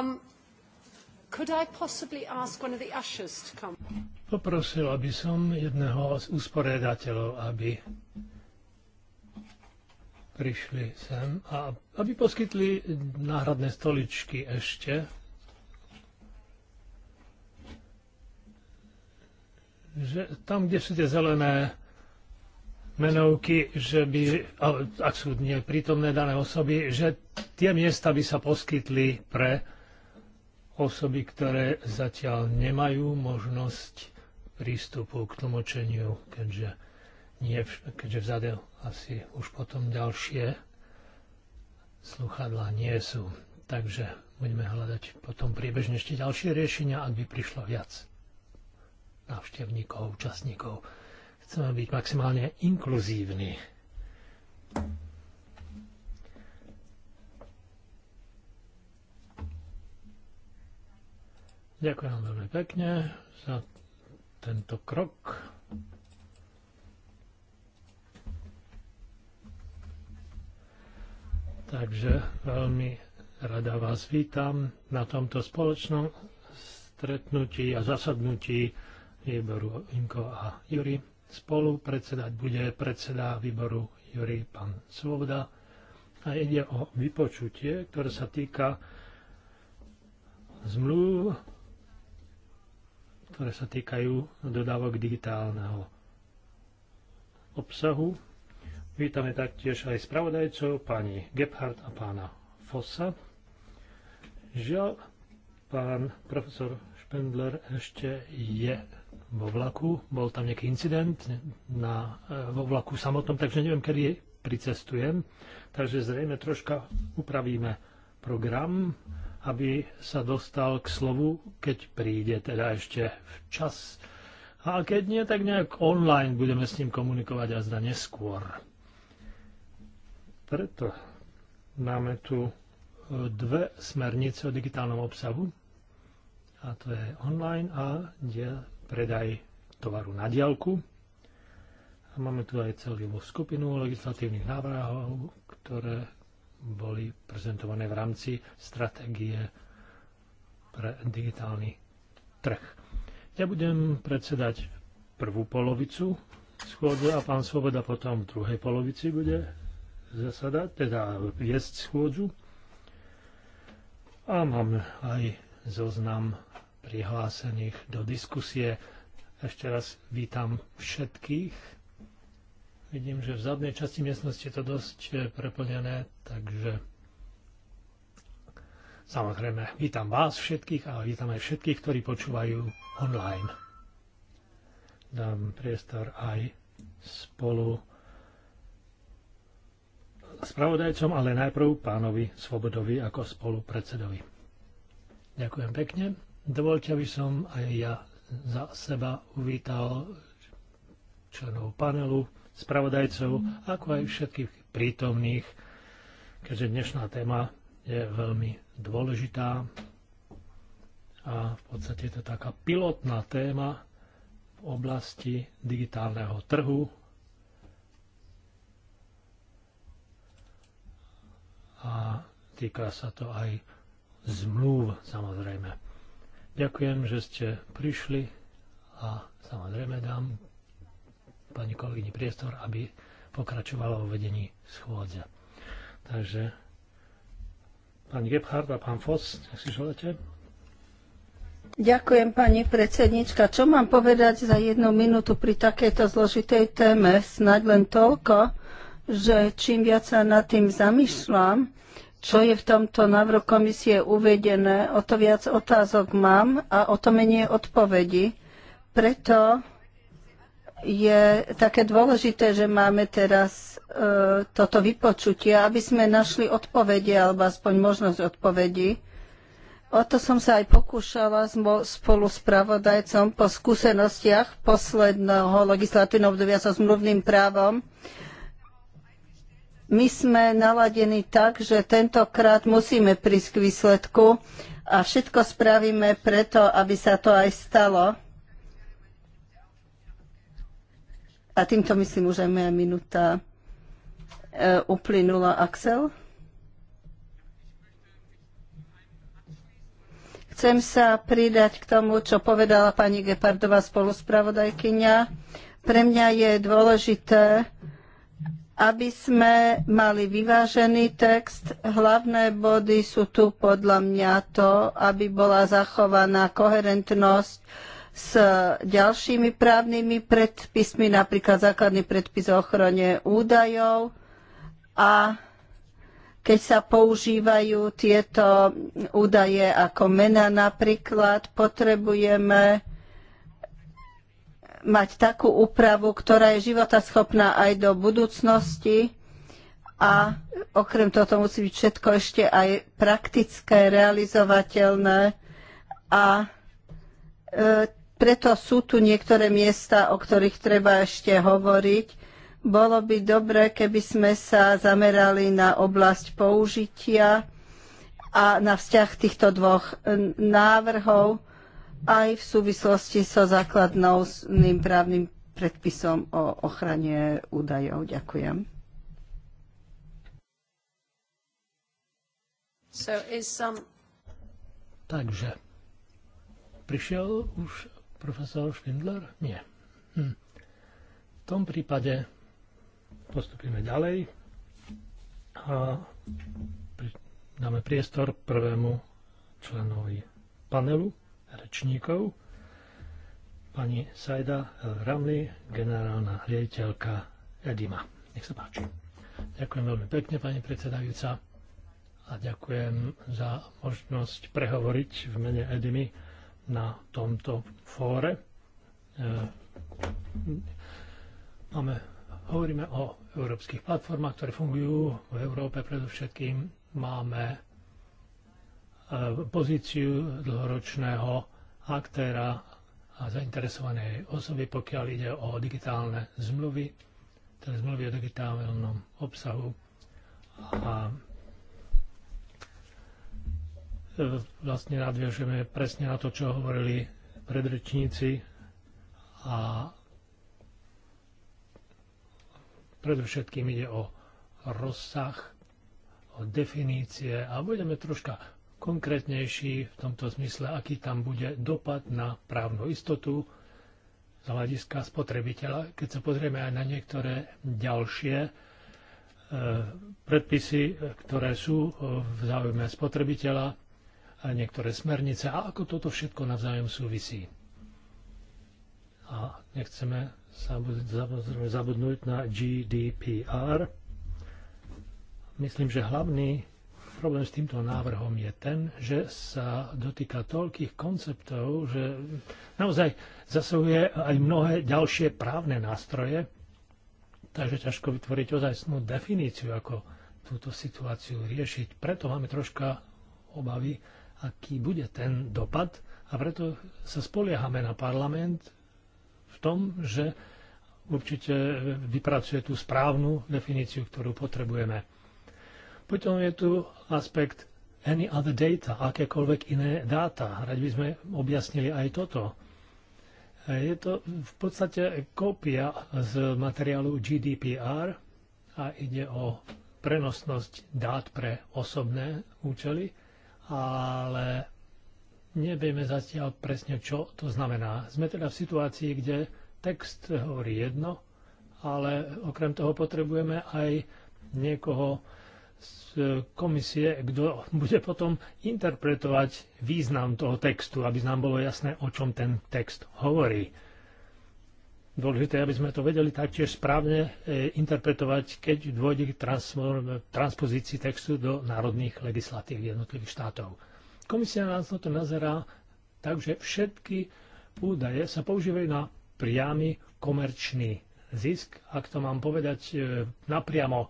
Um, Poprosil, aby som jedného z usporiadateľov, aby prišli sem a aby poskytli náhradné stoličky ešte. Že tam, kde sú tie zelené menovky, že by, ak sú prítomné dané osoby, že tie miesta by sa poskytli pre osoby, ktoré zatiaľ nemajú možnosť prístupu k tlmočeniu, keďže, nie, keďže vzade asi už potom ďalšie sluchadla nie sú. Takže budeme hľadať potom priebežne ešte ďalšie riešenia, ak by prišlo viac návštevníkov, účastníkov. Chceme byť maximálne inkluzívni. Ďakujem veľmi pekne za tento krok. Takže veľmi rada vás vítam na tomto spoločnom stretnutí a zasadnutí výboru Inko a Juri. Spolu predsedať bude predseda výboru Juri Pan Svoboda a ide o vypočutie, ktoré sa týka zmluv, ktoré sa týkajú dodávok digitálneho obsahu. Vítame taktiež aj spravodajcov, pani Gebhardt a pána Fossa. Žiaľ, pán profesor Špendler ešte je vo vlaku. Bol tam nejaký incident na, e, vo vlaku samotnom, takže neviem, kedy pricestujem. Takže zrejme troška upravíme program, aby sa dostal k slovu, keď príde teda ešte včas. A keď nie, tak nejak online budeme s ním komunikovať a zda neskôr. Preto máme tu e, dve smernice o digitálnom obsahu, a to je online a diel, predaj tovaru na diálku. A máme tu aj celú skupinu legislatívnych návrhov, ktoré boli prezentované v rámci stratégie pre digitálny trh. Ja budem predsedať prvú polovicu schôdze a pán Svoboda potom v druhej polovici bude zasadať, teda viesť schôdzu. A mám aj zoznam prihlásených do diskusie. Ešte raz vítam všetkých. Vidím, že v zadnej časti miestnosti je to dosť eh, preplnené, takže samozrejme vítam vás všetkých a vítam aj všetkých, ktorí počúvajú online. Dám priestor aj spolu spravodajcom, ale najprv pánovi Svobodovi ako spolupredsedovi. Ďakujem pekne. Dovolte, aby som aj ja za seba uvítal členov panelu, spravodajcov, ako aj všetkých prítomných, keďže dnešná téma je veľmi dôležitá a v podstate je to taká pilotná téma v oblasti digitálneho trhu. A týka sa to aj zmluv samozrejme. Ďakujem, že ste prišli a samozrejme dám pani kolegyni priestor, aby pokračovala o vedení schôdze. Takže pani Gebhardt a pán Foss, nech si želete. Ďakujem, pani predsednička. Čo mám povedať za jednu minútu pri takejto zložitej téme? Snaď len toľko, že čím viac sa nad tým zamýšľam, čo je v tomto návrhu komisie uvedené, o to viac otázok mám a o to menej odpovedí. Preto je také dôležité, že máme teraz e, toto vypočutie, aby sme našli odpovede alebo aspoň možnosť odpovedí. O to som sa aj pokúšala spolu s pravodajcom po skúsenostiach posledného legislatívneho obdobia so zmluvným právom. My sme naladení tak, že tentokrát musíme prísť k výsledku a všetko spravíme preto, aby sa to aj stalo. A týmto myslím že aj moja minúta e, uplynula. Axel? Chcem sa pridať k tomu, čo povedala pani Gepardová spoluspravodajkyňa. Pre mňa je dôležité, aby sme mali vyvážený text. Hlavné body sú tu podľa mňa to, aby bola zachovaná koherentnosť s ďalšími právnymi predpismi, napríklad základný predpis o ochrane údajov a keď sa používajú tieto údaje ako mena napríklad, potrebujeme mať takú úpravu, ktorá je životaschopná aj do budúcnosti a okrem toho musí byť všetko ešte aj praktické, realizovateľné a e, preto sú tu niektoré miesta, o ktorých treba ešte hovoriť. Bolo by dobre, keby sme sa zamerali na oblasť použitia a na vzťah týchto dvoch e, návrhov aj v súvislosti so základným právnym predpisom o ochrane údajov. Ďakujem. So is some... Takže, prišiel už profesor Špindler? Nie. Hm. V tom prípade postupíme ďalej a dáme priestor prvému členovi panelu rečníkov. Pani Sajda Ramli, generálna riaditeľka Edima. Nech sa páči. Ďakujem veľmi pekne, pani predsedajúca, a ďakujem za možnosť prehovoriť v mene Edimy na tomto fóre. E, máme, hovoríme o európskych platformách, ktoré fungujú v Európe predovšetkým. Máme E, pozíciu dlhoročného aktéra a zainteresovanej osoby, pokiaľ ide o digitálne zmluvy, teda zmluvy o digitálnom obsahu. A e, vlastne nadviažeme presne na to, čo hovorili predrečníci a predovšetkým ide o rozsah, o definície a budeme troška konkrétnejší v tomto zmysle, aký tam bude dopad na právnu istotu z hľadiska spotrebiteľa. Keď sa pozrieme aj na niektoré ďalšie e, predpisy, ktoré sú e, v záujme spotrebiteľa, a niektoré smernice a ako toto všetko navzájom súvisí. A nechceme zabudnúť na GDPR. Myslím, že hlavný problém s týmto návrhom je ten, že sa dotýka toľkých konceptov, že naozaj zasahuje aj mnohé ďalšie právne nástroje, takže ťažko vytvoriť ozajstnú definíciu, ako túto situáciu riešiť. Preto máme troška obavy, aký bude ten dopad a preto sa spoliehame na parlament v tom, že určite vypracuje tú správnu definíciu, ktorú potrebujeme. Potom je tu aspekt any other data, akékoľvek iné dáta. Radi by sme objasnili aj toto. Je to v podstate kópia z materiálu GDPR a ide o prenosnosť dát pre osobné účely, ale nevieme zatiaľ presne, čo to znamená. Sme teda v situácii, kde text hovorí jedno, ale okrem toho potrebujeme aj niekoho, z komisie, kto bude potom interpretovať význam toho textu, aby nám bolo jasné, o čom ten text hovorí. Dôležité, aby sme to vedeli taktiež správne e, interpretovať, keď dôjde k transpozícii textu do národných legislatív jednotlivých štátov. Komisia nás na to nazerá tak, že všetky údaje sa používajú na priamy komerčný zisk. Ak to mám povedať e, napriamo,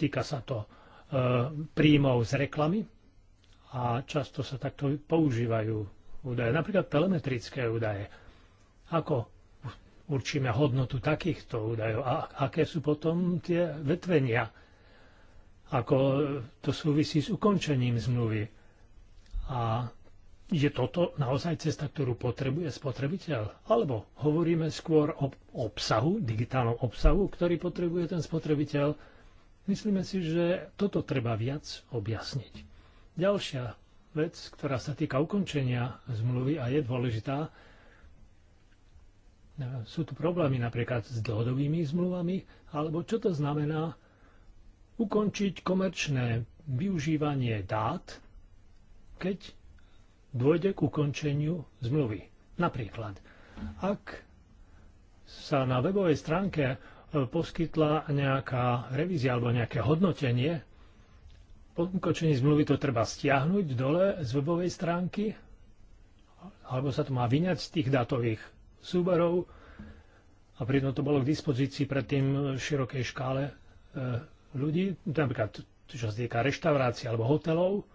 týka sa to E, príjmov z reklamy a často sa takto používajú údaje, napríklad telemetrické údaje. Ako určíme hodnotu takýchto údajov a aké sú potom tie vetvenia, ako to súvisí s ukončením zmluvy. A je toto naozaj cesta, ktorú potrebuje spotrebiteľ? Alebo hovoríme skôr o obsahu, digitálnom obsahu, ktorý potrebuje ten spotrebiteľ, Myslíme si, že toto treba viac objasniť. Ďalšia vec, ktorá sa týka ukončenia zmluvy a je dôležitá, sú tu problémy napríklad s dohodovými zmluvami, alebo čo to znamená ukončiť komerčné využívanie dát, keď dôjde k ukončeniu zmluvy. Napríklad, ak sa na webovej stránke poskytla nejaká revízia alebo nejaké hodnotenie. Po ukončení zmluvy to treba stiahnuť dole z webovej stránky alebo sa to má vyňať z tých dátových súborov a pritom to bolo k dispozícii predtým širokej škále e, ľudí, napríklad čo sa týka reštaurácií alebo hotelov.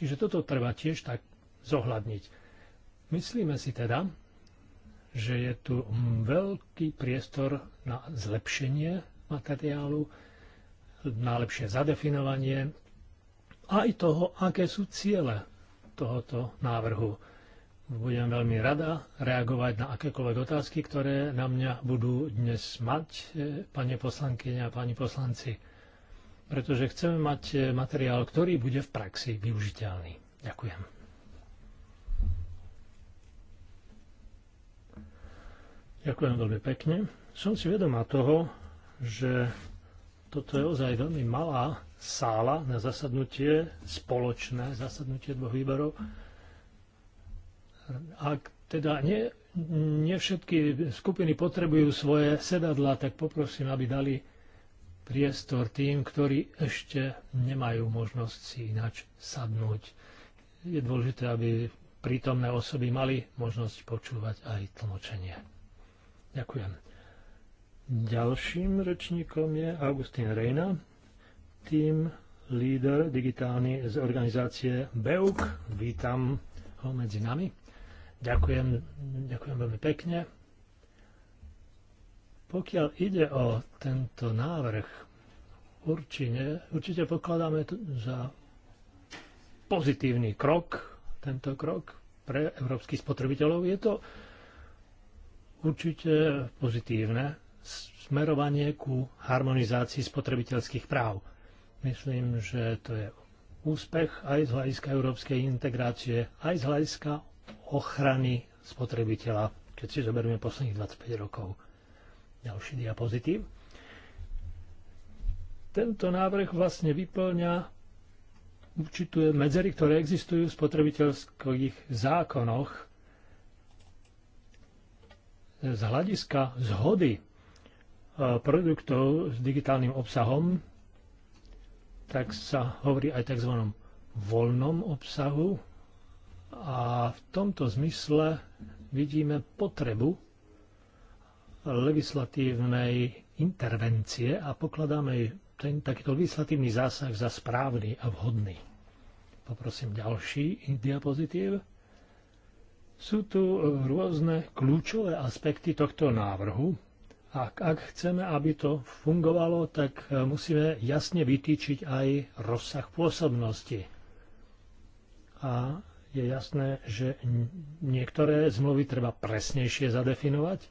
Čiže toto treba tiež tak zohľadniť. Myslíme si teda, že je tu hm, veľký priestor na zlepšenie materiálu, na lepšie zadefinovanie aj toho, aké sú ciele tohoto návrhu. Budem veľmi rada reagovať na akékoľvek otázky, ktoré na mňa budú dnes mať, eh, pani poslankyne a pani poslanci, pretože chceme mať eh, materiál, ktorý bude v praxi využiteľný. Ďakujem. Ďakujem veľmi pekne. Som si vedomá toho, že toto je ozaj veľmi malá sála na zasadnutie, spoločné zasadnutie dvoch výborov. Ak teda nie, nie všetky skupiny potrebujú svoje sedadla, tak poprosím, aby dali priestor tým, ktorí ešte nemajú možnosť si inač sadnúť. Je dôležité, aby prítomné osoby mali možnosť počúvať aj tlmočenie. Ďakujem. Ďalším rečníkom je Augustín Rejna, team líder digitálny z organizácie BEUK. Vítam ho medzi nami. Ďakujem, ďakujem veľmi pekne. Pokiaľ ide o tento návrh, určite, určite pokladáme za pozitívny krok, tento krok pre európskych spotrebiteľov. Je to určite pozitívne smerovanie ku harmonizácii spotrebiteľských práv. Myslím, že to je úspech aj z hľadiska európskej integrácie, aj z hľadiska ochrany spotrebiteľa, keď si zoberieme posledných 25 rokov. Ďalší diapozitív. Tento návrh vlastne vyplňa určité medzery, ktoré existujú v spotrebiteľských zákonoch z hľadiska zhody e, produktov s digitálnym obsahom, tak sa hovorí aj tzv. voľnom obsahu. A v tomto zmysle vidíme potrebu legislatívnej intervencie a pokladáme ten, takýto legislatívny zásah za správny a vhodný. Poprosím ďalší diapozitív. Sú tu e, rôzne kľúčové aspekty tohto návrhu a ak chceme, aby to fungovalo, tak e, musíme jasne vytýčiť aj rozsah pôsobnosti. A je jasné, že niektoré zmluvy treba presnejšie zadefinovať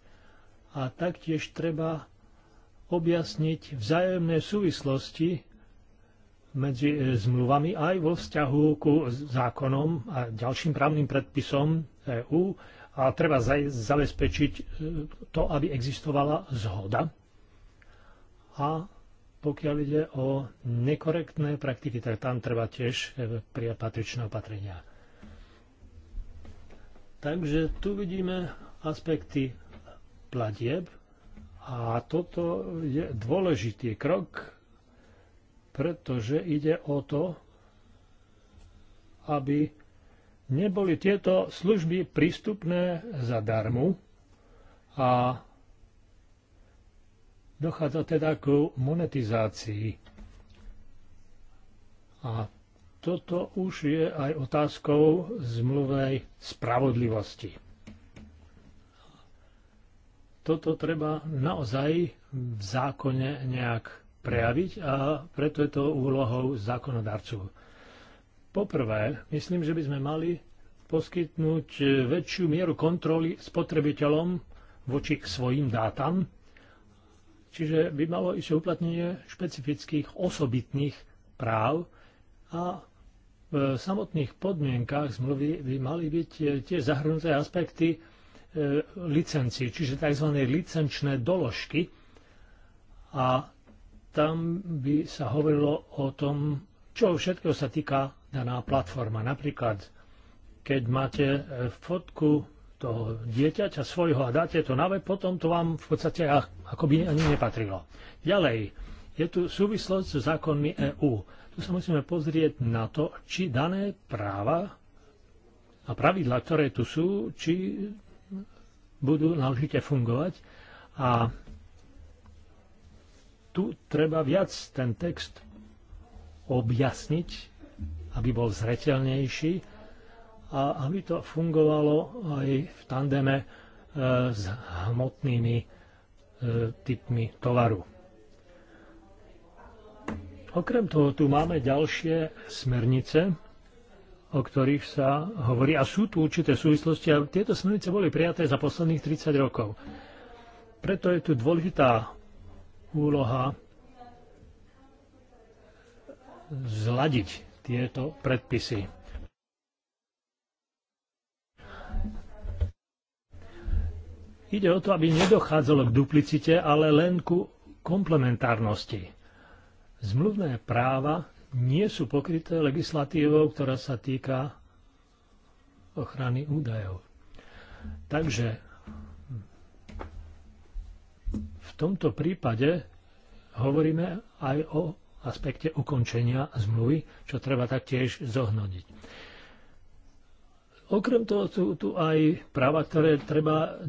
a taktiež treba objasniť vzájomné súvislosti medzi e, zmluvami aj vo vzťahu ku zákonom a ďalším právnym predpisom EÚ a treba zabezpečiť e, to, aby existovala zhoda. A pokiaľ ide o nekorektné praktiky, tak tam treba tiež e, prijať patričné opatrenia. Takže tu vidíme aspekty platieb a toto je dôležitý krok pretože ide o to, aby neboli tieto služby prístupné zadarmo a dochádza teda k monetizácii. A toto už je aj otázkou zmluvnej spravodlivosti. Toto treba naozaj v zákone nejak prejaviť a preto je to úlohou zákonodarcov. Poprvé, myslím, že by sme mali poskytnúť väčšiu mieru kontroly spotrebiteľom voči k svojim dátam, čiže by malo ísť uplatnenie špecifických osobitných práv a v samotných podmienkách zmluvy by mali byť tie zahrnuté aspekty e, licencií, čiže tzv. licenčné doložky a tam by sa hovorilo o tom, čo všetko sa týka daná platforma. Napríklad, keď máte e, fotku toho dieťaťa svojho a dáte to na web, potom to vám v podstate ako by ani nepatrilo. Ďalej, je tu súvislosť s zákonmi EÚ. Tu sa musíme pozrieť na to, či dané práva a pravidla, ktoré tu sú, či budú náležite fungovať a tu treba viac ten text objasniť, aby bol zretelnejší a aby to fungovalo aj v tandeme e, s hmotnými e, typmi tovaru. Okrem toho tu máme ďalšie smernice, o ktorých sa hovorí. A sú tu určité súvislosti a tieto smernice boli prijaté za posledných 30 rokov. Preto je tu dôležitá úloha zladiť tieto predpisy. Ide o to, aby nedochádzalo k duplicite, ale len ku komplementárnosti. Zmluvné práva nie sú pokryté legislatívou, ktorá sa týka ochrany údajov. Takže tomto prípade hovoríme aj o aspekte ukončenia zmluvy, čo treba taktiež zohnodiť. Okrem toho sú tu aj práva, ktoré treba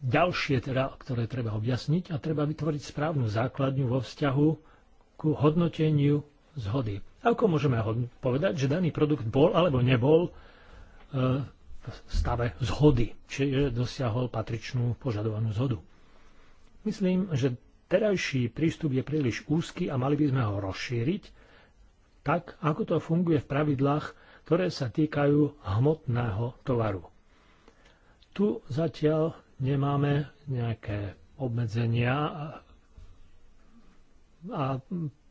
ďalšie, teda, ktoré treba objasniť a treba vytvoriť správnu základňu vo vzťahu ku hodnoteniu zhody. Ako môžeme povedať, že daný produkt bol alebo nebol e, v stave zhody, čiže dosiahol patričnú požadovanú zhodu. Myslím, že terajší prístup je príliš úzky a mali by sme ho rozšíriť, tak ako to funguje v pravidlách, ktoré sa týkajú hmotného tovaru. Tu zatiaľ nemáme nejaké obmedzenia a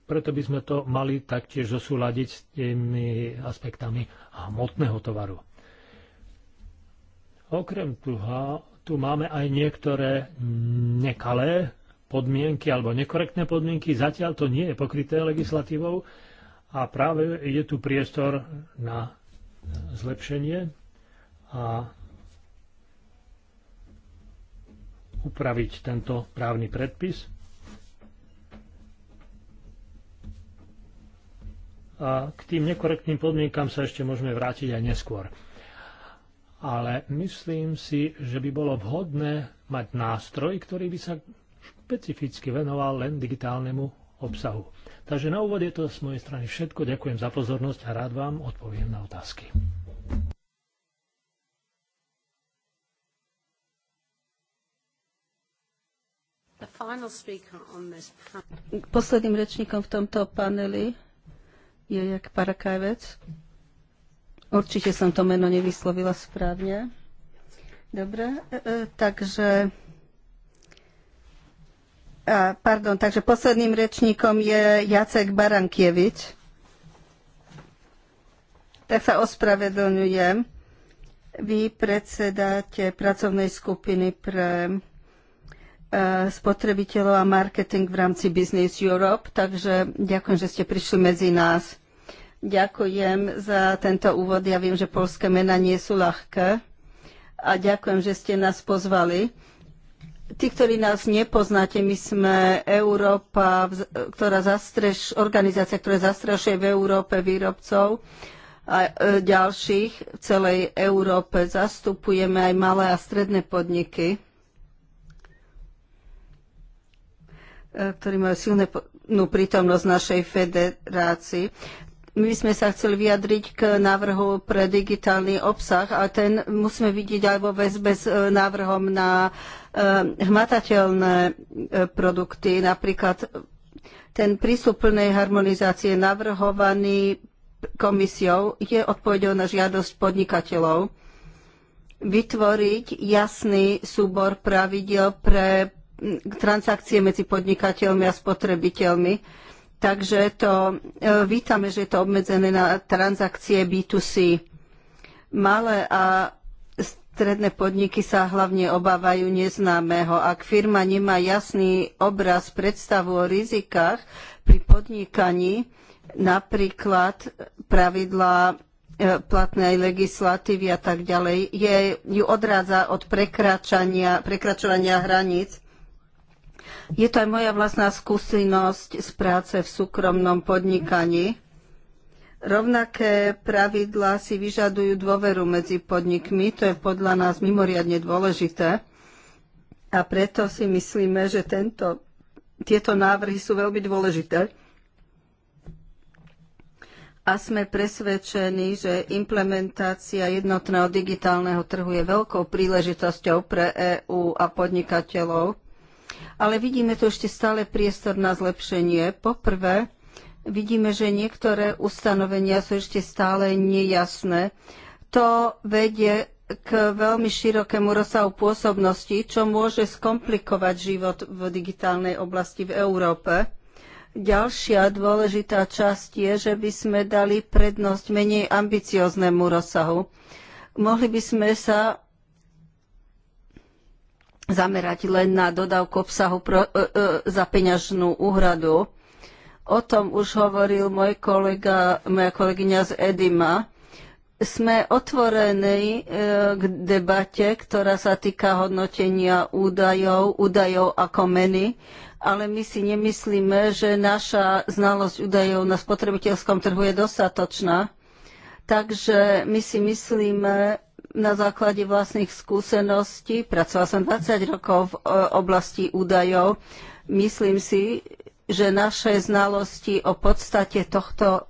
preto by sme to mali taktiež zosúľadiť s tými aspektami hmotného tovaru. Okrem toho tu máme aj niektoré nekalé podmienky alebo nekorektné podmienky. Zatiaľ to nie je pokryté legislatívou a práve je tu priestor na zlepšenie a upraviť tento právny predpis. A k tým nekorektným podmienkam sa ešte môžeme vrátiť aj neskôr ale myslím si, že by bolo vhodné mať nástroj, ktorý by sa špecificky venoval len digitálnemu obsahu. Takže na úvod je to z mojej strany všetko. Ďakujem za pozornosť a rád vám odpoviem na otázky. Posledným rečníkom v tomto paneli je Jak Parakajvec. Určite som to meno nevyslovila správne. Dobre, e, e, takže... A, pardon, takže posledným rečníkom je Jacek Barankievič. Tak sa ospravedlňujem. Vy predsedáte pracovnej skupiny pre e, spotrebiteľov a marketing v rámci Business Europe, takže ďakujem, že ste prišli medzi nás. Ďakujem za tento úvod. Ja viem, že polské mená nie sú ľahké. A ďakujem, že ste nás pozvali. Tí, ktorí nás nepoznáte, my sme Európa, ktorá zastreš, organizácia, ktorá zastrešuje v Európe výrobcov a e, ďalších. V celej Európe zastupujeme aj malé a stredné podniky, e, ktorí majú silnú no, prítomnosť našej federácii. My sme sa chceli vyjadriť k návrhu pre digitálny obsah a ten musíme vidieť aj vo väzbe s e, návrhom na e, hmatateľné e, produkty, napríklad ten prístup plnej harmonizácie navrhovaný komisiou je odpovedou na žiadosť podnikateľov vytvoriť jasný súbor pravidel pre transakcie medzi podnikateľmi a spotrebiteľmi Takže to e, vítame, že je to obmedzené na transakcie B2C. Malé a stredné podniky sa hlavne obávajú neznámeho. Ak firma nemá jasný obraz, predstavu o rizikách pri podnikaní, napríklad pravidlá e, platnej legislatívy a tak ďalej, je, ju odrádza od prekračovania hraníc je to aj moja vlastná skúsenosť z práce v súkromnom podnikaní. Rovnaké pravidlá si vyžadujú dôveru medzi podnikmi, to je podľa nás mimoriadne dôležité. A preto si myslíme, že tento, tieto návrhy sú veľmi dôležité. A sme presvedčení, že implementácia jednotného digitálneho trhu je veľkou príležitosťou pre EÚ a podnikateľov ale vidíme tu ešte stále priestor na zlepšenie. Poprvé, vidíme, že niektoré ustanovenia sú ešte stále nejasné. To vedie k veľmi širokému rozsahu pôsobnosti, čo môže skomplikovať život v digitálnej oblasti v Európe. Ďalšia dôležitá časť je, že by sme dali prednosť menej ambicioznému rozsahu. Mohli by sme sa zamerať len na dodávku obsahu pro, e, e, za peňažnú úhradu. O tom už hovoril môj kolega, moja kolegyňa z Edima. Sme otvorení e, k debate, ktorá sa týka hodnotenia údajov, údajov ako meny, ale my si nemyslíme, že naša znalosť údajov na spotrebiteľskom trhu je dostatočná. Takže my si myslíme, na základe vlastných skúseností. Pracovala som 20 rokov v e, oblasti údajov. Myslím si, že naše znalosti o podstate tohto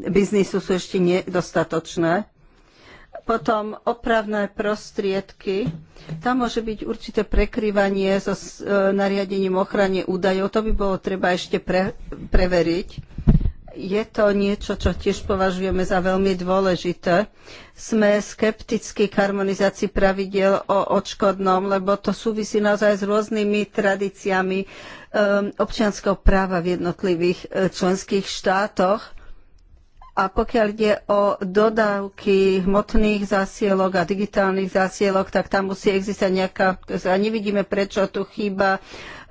biznisu sú ešte nedostatočné. Potom opravné prostriedky. Tam môže byť určité prekryvanie so e, nariadením ochrany údajov. To by bolo treba ešte pre, preveriť je to niečo, čo tiež považujeme za veľmi dôležité. Sme skeptickí k harmonizácii pravidel o odškodnom, lebo to súvisí naozaj s rôznymi tradíciami um, občianského práva v jednotlivých uh, členských štátoch. A pokiaľ ide o dodávky hmotných zásielok a digitálnych zásielok, tak tam musí existovať nejaká... A nevidíme, prečo tu chýba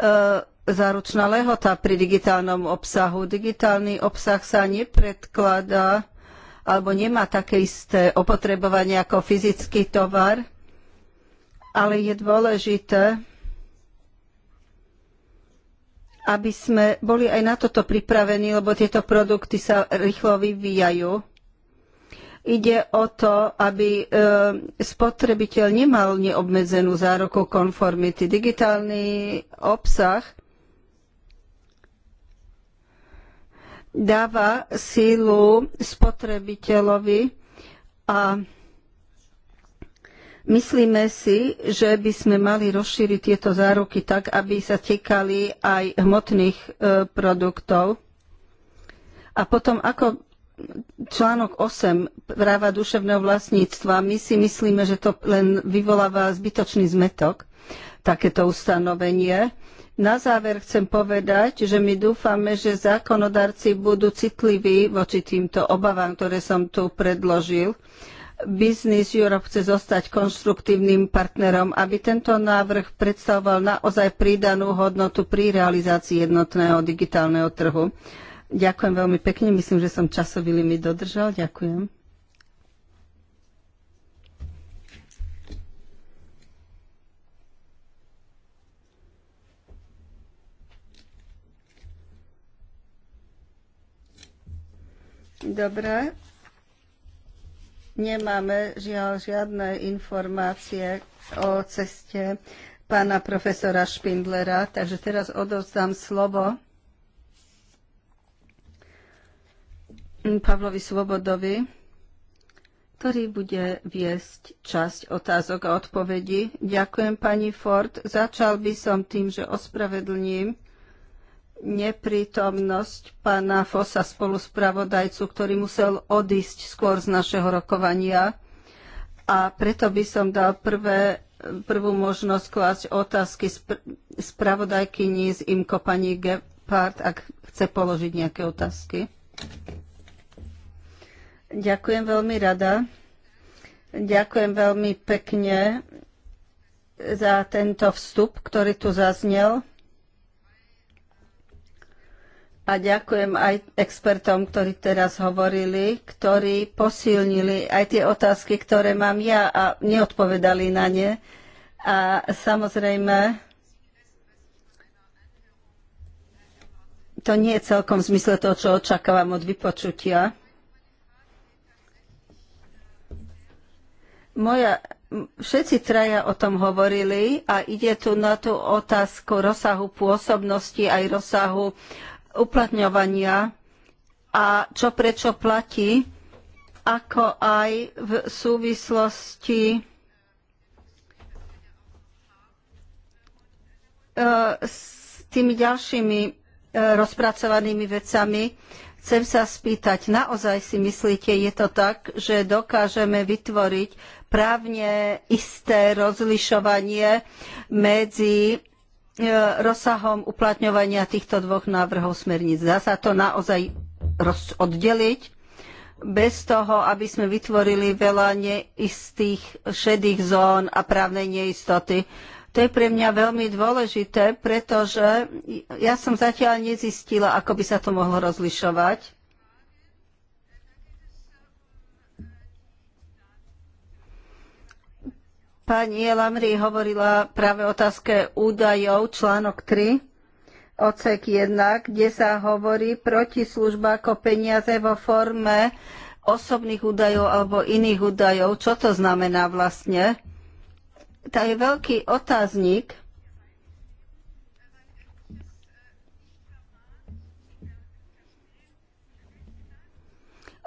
uh, záručná lehota pri digitálnom obsahu. Digitálny obsah sa nepredkladá alebo nemá také isté opotrebovanie ako fyzický tovar, ale je dôležité, aby sme boli aj na toto pripravení, lebo tieto produkty sa rýchlo vyvíjajú. Ide o to, aby e, spotrebiteľ nemal neobmedzenú zároku konformity. Digitálny obsah – dáva sílu spotrebiteľovi a myslíme si, že by sme mali rozšíriť tieto záruky tak, aby sa týkali aj hmotných e, produktov. A potom ako článok 8 práva duševného vlastníctva, my si myslíme, že to len vyvoláva zbytočný zmetok, takéto ustanovenie. Na záver chcem povedať, že my dúfame, že zákonodarci budú citliví voči týmto obavám, ktoré som tu predložil. Business Europe chce zostať konštruktívnym partnerom, aby tento návrh predstavoval naozaj pridanú hodnotu pri realizácii jednotného digitálneho trhu. Ďakujem veľmi pekne, myslím, že som časový limit dodržal. Ďakujem. Dobre. Nemáme žiaľ žiadne informácie o ceste pána profesora Špindlera, takže teraz odovzdám slovo Pavlovi Svobodovi, ktorý bude viesť časť otázok a odpovedí. Ďakujem pani Ford. Začal by som tým, že ospravedlním neprítomnosť pána Fosa spoluspravodajcu, ktorý musel odísť skôr z našeho rokovania. A preto by som dal prvé, prvú možnosť klásť otázky spr- spravodajkyni z IMKO pani Gepard, ak chce položiť nejaké otázky. Ďakujem veľmi rada. Ďakujem veľmi pekne za tento vstup, ktorý tu zaznel a ďakujem aj expertom, ktorí teraz hovorili, ktorí posilnili aj tie otázky, ktoré mám ja a neodpovedali na ne. A samozrejme, to nie je celkom v zmysle toho, čo očakávam od vypočutia. Moja, všetci traja o tom hovorili a ide tu na tú otázku rozsahu pôsobnosti aj rozsahu uplatňovania a čo prečo platí, ako aj v súvislosti e, s tými ďalšími e, rozpracovanými vecami. Chcem sa spýtať, naozaj si myslíte, je to tak, že dokážeme vytvoriť právne isté rozlišovanie medzi E, rozsahom uplatňovania týchto dvoch návrhov smerníc. Dá sa to naozaj oddeliť bez toho, aby sme vytvorili veľa neistých šedých zón a právnej neistoty. To je pre mňa veľmi dôležité, pretože ja som zatiaľ nezistila, ako by sa to mohlo rozlišovať. Pani Lamri hovorila práve otázke údajov, článok 3, odsek 1, kde sa hovorí proti služba ako peniaze vo forme osobných údajov alebo iných údajov. Čo to znamená vlastne? To je veľký otáznik.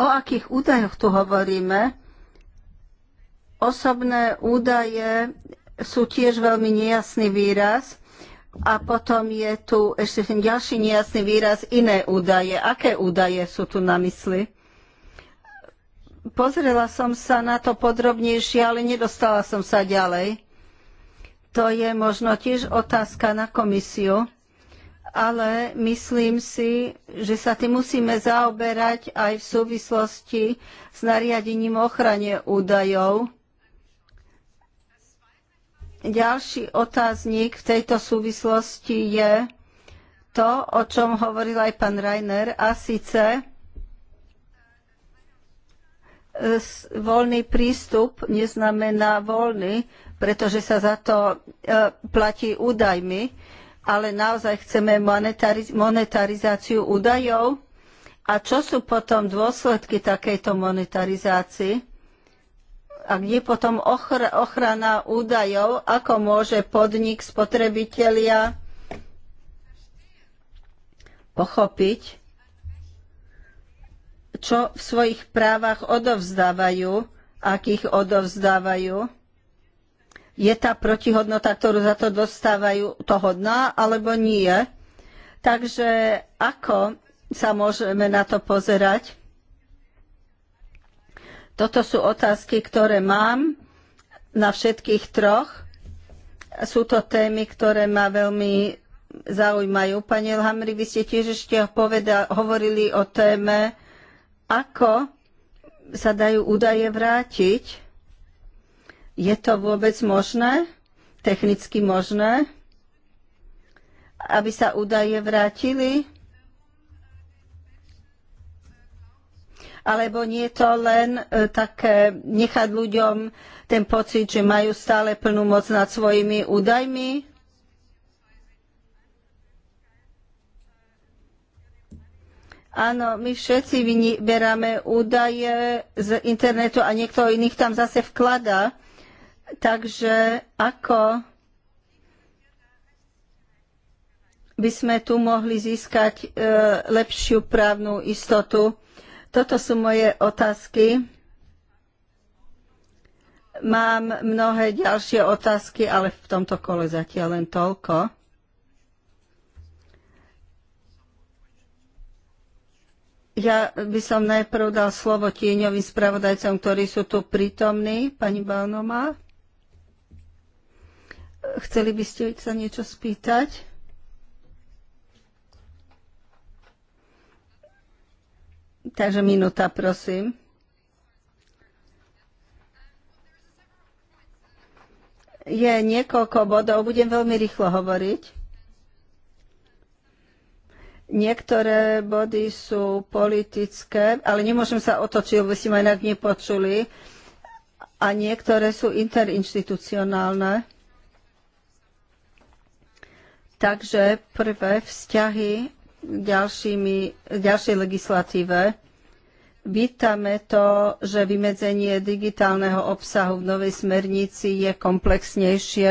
O akých údajoch tu hovoríme? Osobné údaje sú tiež veľmi nejasný výraz. A potom je tu ešte ten ďalší nejasný výraz iné údaje. Aké údaje sú tu na mysli? Pozrela som sa na to podrobnejšie, ale nedostala som sa ďalej. To je možno tiež otázka na komisiu, ale myslím si, že sa tým musíme zaoberať aj v súvislosti s nariadením ochrane údajov, ďalší otáznik v tejto súvislosti je to, o čom hovoril aj pán Reiner, a síce voľný prístup neznamená voľný, pretože sa za to e, platí údajmi, ale naozaj chceme monetariz monetarizáciu údajov. A čo sú potom dôsledky takejto monetarizácii? A kde potom ochr- ochrana údajov, ako môže podnik spotrebitelia pochopiť, čo v svojich právach odovzdávajú, akých odovzdávajú. Je tá protihodnota, ktorú za to dostávajú, to hodná alebo nie? Takže ako sa môžeme na to pozerať? Toto sú otázky, ktoré mám na všetkých troch. Sú to témy, ktoré ma veľmi zaujímajú. Pani Elhamri, vy ste tiež ešte povedal, hovorili o téme, ako sa dajú údaje vrátiť. Je to vôbec možné? Technicky možné? Aby sa údaje vrátili? alebo nie je to len e, také nechať ľuďom ten pocit, že majú stále plnú moc nad svojimi údajmi? Áno, my všetci vyberáme údaje z internetu a niekto iných tam zase vkladá. Takže ako by sme tu mohli získať e, lepšiu právnu istotu? Toto sú moje otázky. Mám mnohé ďalšie otázky, ale v tomto kole zatiaľ len toľko. Ja by som najprv dal slovo tieňovým spravodajcom, ktorí sú tu prítomní. Pani Balnoma, chceli by ste sa niečo spýtať? Takže minúta, prosím. Je niekoľko bodov, budem veľmi rýchlo hovoriť. Niektoré body sú politické, ale nemôžem sa otočiť, lebo si ma inak nepočuli. A niektoré sú interinstitucionálne. Takže prvé vzťahy ďalšími, ďalšej legislatíve. Vítame to, že vymedzenie digitálneho obsahu v novej smernici je komplexnejšie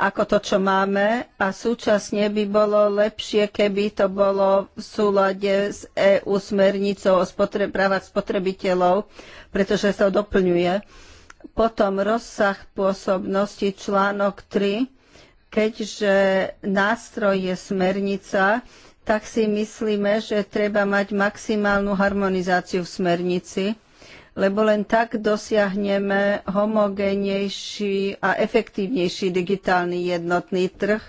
ako to, čo máme a súčasne by bolo lepšie, keby to bolo v súlade s EU smernicou o spotre- právach spotrebiteľov, pretože sa doplňuje. Potom rozsah pôsobnosti článok 3 Keďže nástroj je smernica, tak si myslíme, že treba mať maximálnu harmonizáciu v smernici, lebo len tak dosiahneme homogénejší a efektívnejší digitálny jednotný trh,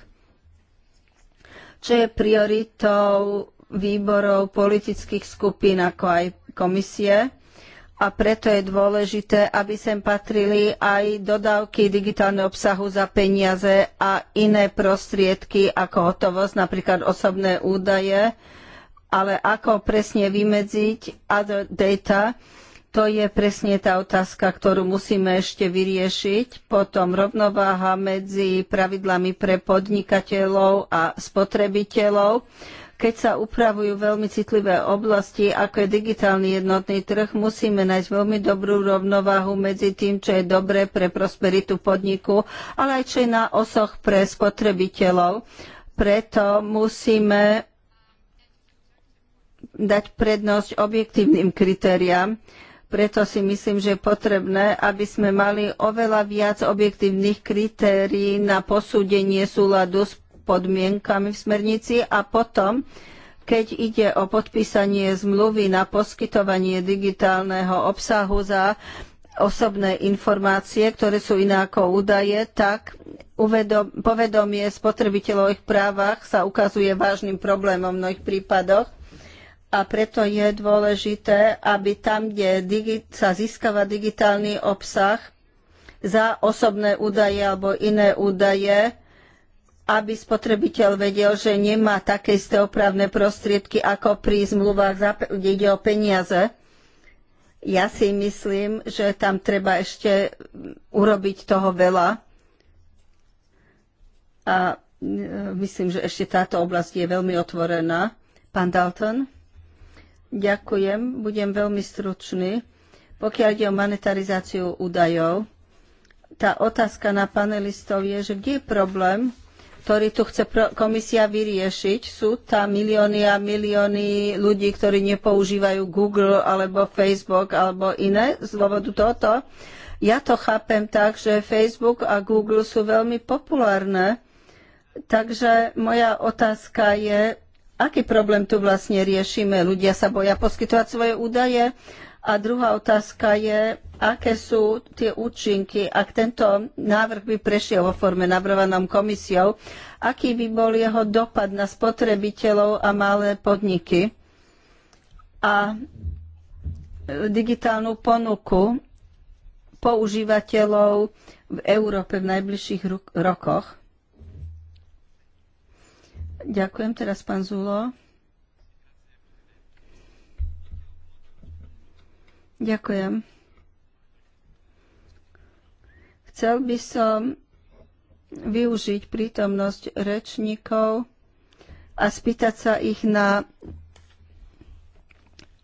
čo je prioritou výborov politických skupín ako aj komisie a preto je dôležité, aby sem patrili aj dodávky digitálneho obsahu za peniaze a iné prostriedky ako hotovosť, napríklad osobné údaje, ale ako presne vymedziť other data, to je presne tá otázka, ktorú musíme ešte vyriešiť. Potom rovnováha medzi pravidlami pre podnikateľov a spotrebiteľov keď sa upravujú veľmi citlivé oblasti, ako je digitálny jednotný trh, musíme nájsť veľmi dobrú rovnováhu medzi tým, čo je dobré pre prosperitu podniku, ale aj čo je na osoch pre spotrebiteľov. Preto musíme dať prednosť objektívnym kritériám, preto si myslím, že je potrebné, aby sme mali oveľa viac objektívnych kritérií na posúdenie súladu s podmienkami v smernici a potom, keď ide o podpísanie zmluvy na poskytovanie digitálneho obsahu za osobné informácie, ktoré sú iné ako údaje, tak povedomie spotrebiteľov o ich právach sa ukazuje vážnym problémom v mnohých prípadoch a preto je dôležité, aby tam, kde sa získava digitálny obsah za osobné údaje alebo iné údaje, aby spotrebiteľ vedel, že nemá také isté opravné prostriedky ako pri zmluvách, kde ide o peniaze. Ja si myslím, že tam treba ešte urobiť toho veľa. A e, myslím, že ešte táto oblasť je veľmi otvorená. Pán Dalton? Ďakujem, budem veľmi stručný. Pokiaľ ide o monetarizáciu údajov, tá otázka na panelistov je, že kde je problém, ktorý tu chce komisia vyriešiť. Sú tam milióny a milióny ľudí, ktorí nepoužívajú Google alebo Facebook alebo iné z dôvodu tohoto. Ja to chápem tak, že Facebook a Google sú veľmi populárne. Takže moja otázka je, aký problém tu vlastne riešime? Ľudia sa boja poskytovať svoje údaje. A druhá otázka je, aké sú tie účinky, ak tento návrh by prešiel vo forme navrhovanom komisiou, aký by bol jeho dopad na spotrebiteľov a malé podniky a e, digitálnu ponuku používateľov v Európe v najbližších rokoch. Ďakujem teraz, pán Zulo. Ďakujem. Chcel by som využiť prítomnosť rečníkov a spýtať sa ich na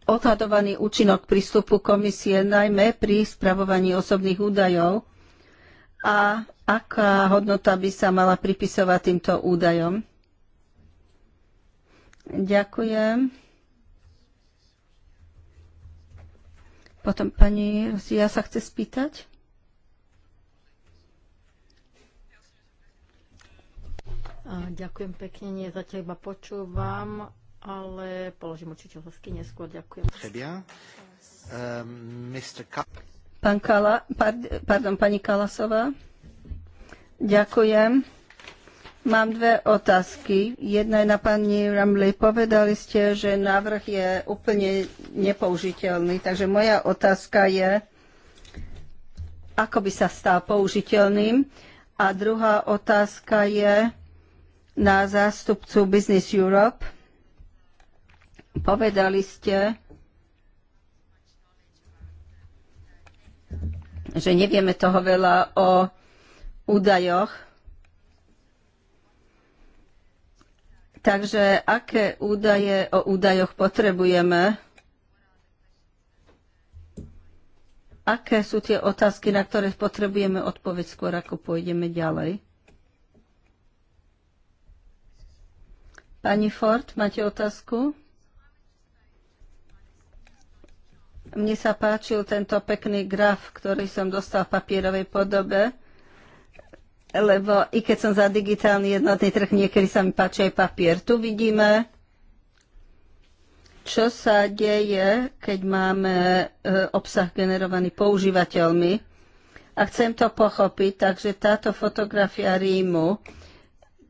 odhadovaný účinok prístupu komisie, najmä pri spravovaní osobných údajov a aká hodnota by sa mala pripisovať týmto údajom. Ďakujem. Potom pani Rosia sa chce spýtať. Ďakujem pekne, nie zatiaľ iba počúvam, ale položím určite otázky neskôr. Ďakujem. Euh, Pán Kala, pardon, pani Kalasová. Ďakujem. Mám dve otázky. Jedna je na pani Ramley. Povedali ste, že návrh je úplne nepoužiteľný, takže moja otázka je, ako by sa stal použiteľným. A druhá otázka je, na zástupcu Business Europe. Povedali ste, že nevieme toho veľa o údajoch. Takže aké údaje o údajoch potrebujeme? Aké sú tie otázky, na ktoré potrebujeme odpoveď skôr, ako pôjdeme ďalej? Pani Ford, máte otázku? Mne sa páčil tento pekný graf, ktorý som dostal v papierovej podobe, lebo i keď som za digitálny jednotný trh, niekedy sa mi páči aj papier. Tu vidíme, čo sa deje, keď máme e, obsah generovaný používateľmi. A chcem to pochopiť, takže táto fotografia Rímu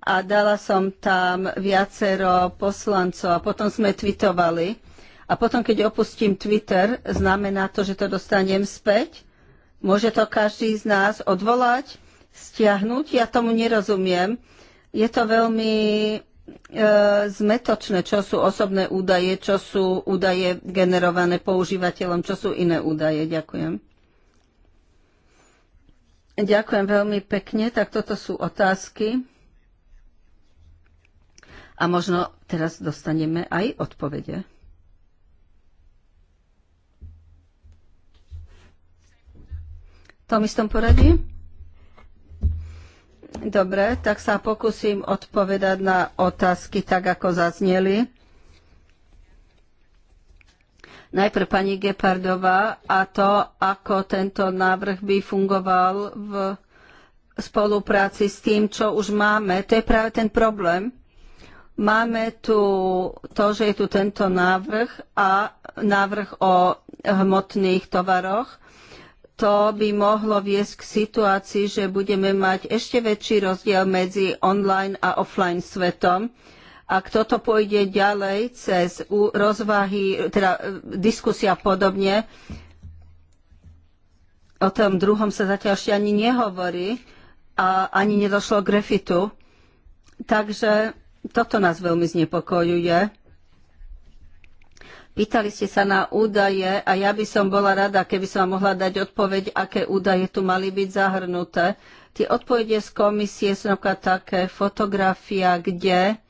a dala som tam viacero poslancov a potom sme tweetovali. A potom, keď opustím Twitter, znamená to, že to dostanem späť? Môže to každý z nás odvolať, stiahnuť? Ja tomu nerozumiem. Je to veľmi e, zmetočné, čo sú osobné údaje, čo sú údaje generované používateľom, čo sú iné údaje. Ďakujem. Ďakujem veľmi pekne. Tak toto sú otázky. A možno teraz dostaneme aj odpovede. V tom istom poradí? Dobre, tak sa pokúsim odpovedať na otázky tak, ako zazneli. Najprv pani Gepardová a to, ako tento návrh by fungoval v spolupráci s tým, čo už máme. To je práve ten problém, Máme tu to, že je tu tento návrh a návrh o hmotných tovaroch. To by mohlo viesť k situácii, že budeme mať ešte väčší rozdiel medzi online a offline svetom. Ak toto pôjde ďalej cez rozvahy, teda e, diskusia podobne, o tom druhom sa zatiaľ ešte ani nehovorí a ani nedošlo k grafitu. Takže toto nás veľmi znepokojuje. Pýtali ste sa na údaje a ja by som bola rada, keby som vám mohla dať odpoveď, aké údaje tu mali byť zahrnuté. Tie odpovede z komisie sú napríklad také fotografia, kde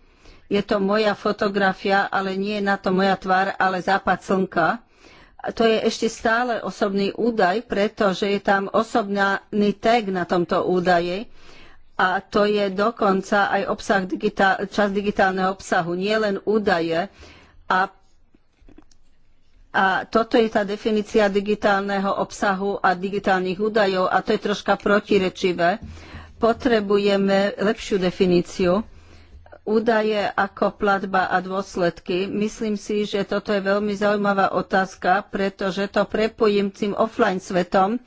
je to moja fotografia, ale nie je na to moja tvár, ale západ slnka. A to je ešte stále osobný údaj, pretože je tam osobný tag na tomto údaji a to je dokonca aj obsah digitál, čas digitálneho obsahu, nie len údaje. A, a toto je tá definícia digitálneho obsahu a digitálnych údajov a to je troška protirečivé. Potrebujeme lepšiu definíciu údaje ako platba a dôsledky. Myslím si, že toto je veľmi zaujímavá otázka, pretože to prepojím tým offline svetom,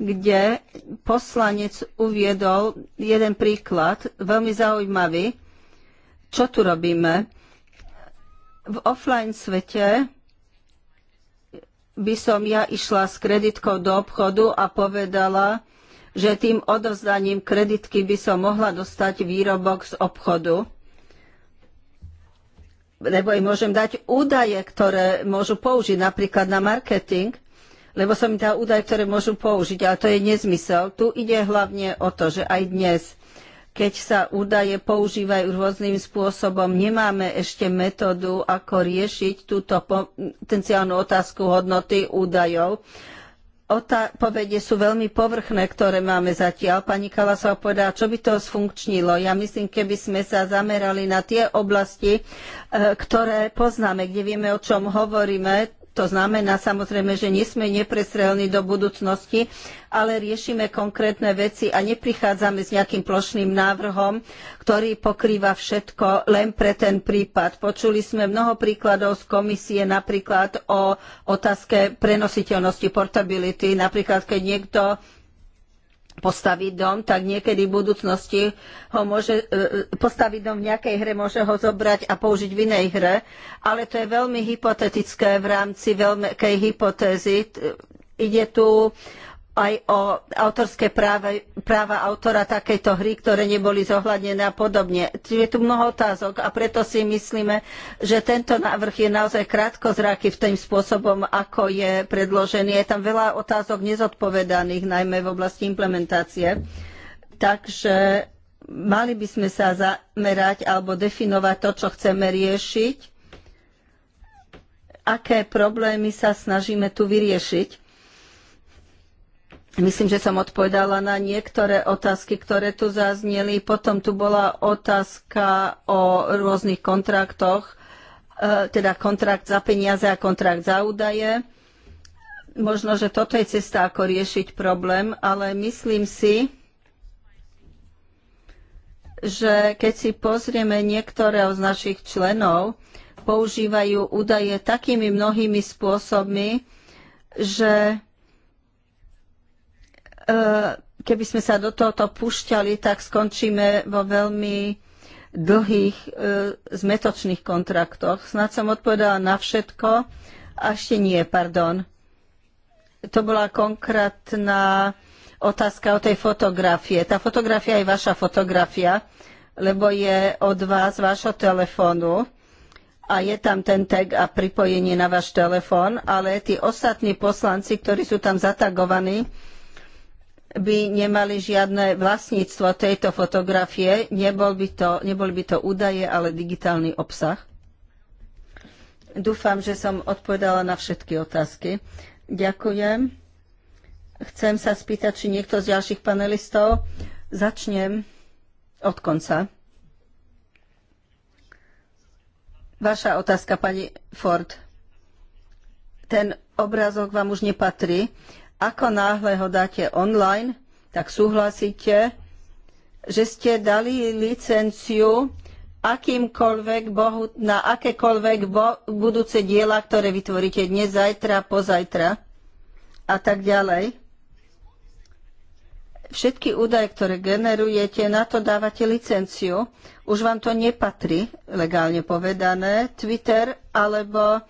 kde poslanec uviedol jeden príklad, veľmi zaujímavý. Čo tu robíme? V offline svete by som ja išla s kreditkou do obchodu a povedala, že tým odovzdaním kreditky by som mohla dostať výrobok z obchodu lebo im môžem dať údaje, ktoré môžu použiť napríklad na marketing lebo som im dal údaj, ktoré môžu použiť, ale to je nezmysel. Tu ide hlavne o to, že aj dnes, keď sa údaje používajú rôznym spôsobom, nemáme ešte metódu, ako riešiť túto potenciálnu otázku hodnoty údajov. Odpovede sú veľmi povrchné, ktoré máme zatiaľ. Pani Kalasová povedá, čo by to sfunkčnilo. Ja myslím, keby sme sa zamerali na tie oblasti, e, ktoré poznáme, kde vieme, o čom hovoríme, to znamená samozrejme, že nie sme neprestrelní do budúcnosti, ale riešime konkrétne veci a neprichádzame s nejakým plošným návrhom, ktorý pokrýva všetko len pre ten prípad. Počuli sme mnoho príkladov z komisie napríklad o otázke prenositeľnosti portability, napríklad keď niekto postaviť dom, tak niekedy v budúcnosti ho môže e, e, postaviť dom v nejakej hre, môže ho zobrať a použiť v inej hre, ale to je veľmi hypotetické v rámci veľkej hypotézy. Ide tu aj o autorské práva, práva autora takejto hry, ktoré neboli zohľadnené a podobne. Je tu mnoho otázok a preto si myslíme, že tento návrh je naozaj krátkozráky v tým spôsobom, ako je predložený. Je tam veľa otázok nezodpovedaných, najmä v oblasti implementácie. Takže mali by sme sa zamerať alebo definovať to, čo chceme riešiť, aké problémy sa snažíme tu vyriešiť. Myslím, že som odpovedala na niektoré otázky, ktoré tu zazneli. Potom tu bola otázka o rôznych kontraktoch, e, teda kontrakt za peniaze a kontrakt za údaje. Možno, že toto je cesta, ako riešiť problém, ale myslím si, že keď si pozrieme niektorého z našich členov, používajú údaje takými mnohými spôsobmi, že E, keby sme sa do tohoto pušťali, tak skončíme vo veľmi dlhých e, zmetočných kontraktoch. Snad som odpovedala na všetko. A ešte nie, pardon. To bola konkrétna otázka o tej fotografie. Tá fotografia je vaša fotografia, lebo je od vás, vášho telefónu a je tam ten tag a pripojenie na váš telefón, ale tí ostatní poslanci, ktorí sú tam zatagovaní, by nemali žiadne vlastníctvo tejto fotografie, nebol by to, neboli by to údaje, ale digitálny obsah. Dúfam, že som odpovedala na všetky otázky. Ďakujem. Chcem sa spýtať, či niekto z ďalších panelistov. Začnem od konca. Vaša otázka, pani Ford. Ten obrázok vám už nepatrí. Ako náhle ho dáte online, tak súhlasíte, že ste dali licenciu akýmkoľvek bohu, na akékoľvek bo, budúce diela, ktoré vytvoríte dnes, zajtra, pozajtra a tak ďalej. Všetky údaje, ktoré generujete, na to dávate licenciu. Už vám to nepatrí, legálne povedané. Twitter alebo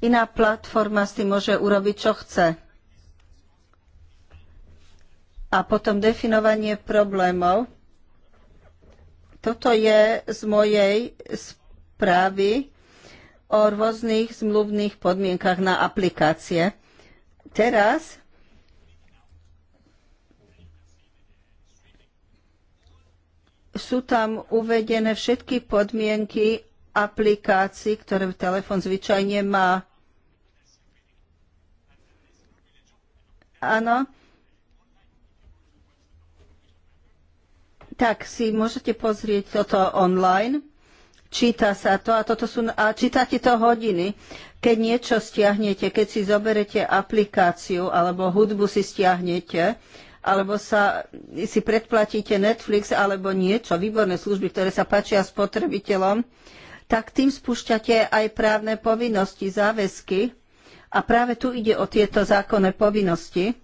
iná platforma si môže urobiť, čo chce. A potom definovanie problémov. Toto je z mojej správy o rôznych zmluvných podmienkach na aplikácie. Teraz sú tam uvedené všetky podmienky aplikácií, ktoré telefon zvyčajne má. Áno, tak si môžete pozrieť toto online. Číta sa to a, toto sú, a čítate to hodiny. Keď niečo stiahnete, keď si zoberete aplikáciu alebo hudbu si stiahnete, alebo sa, si predplatíte Netflix alebo niečo, výborné služby, ktoré sa páčia spotrebiteľom, tak tým spúšťate aj právne povinnosti, záväzky. A práve tu ide o tieto zákonné povinnosti.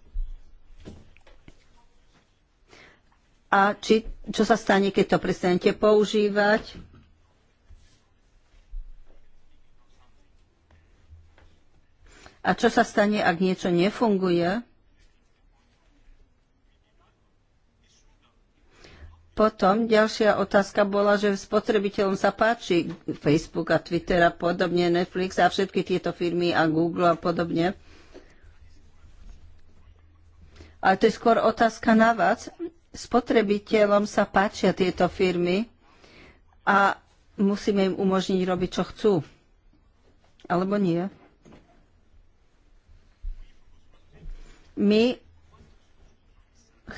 a či, čo sa stane, keď to prestanete používať. A čo sa stane, ak niečo nefunguje? Potom ďalšia otázka bola, že spotrebiteľom sa páči Facebook a Twitter a podobne, Netflix a všetky tieto firmy a Google a podobne. Ale to je skôr otázka na vás, spotrebiteľom sa páčia tieto firmy a musíme im umožniť robiť, čo chcú. Alebo nie. My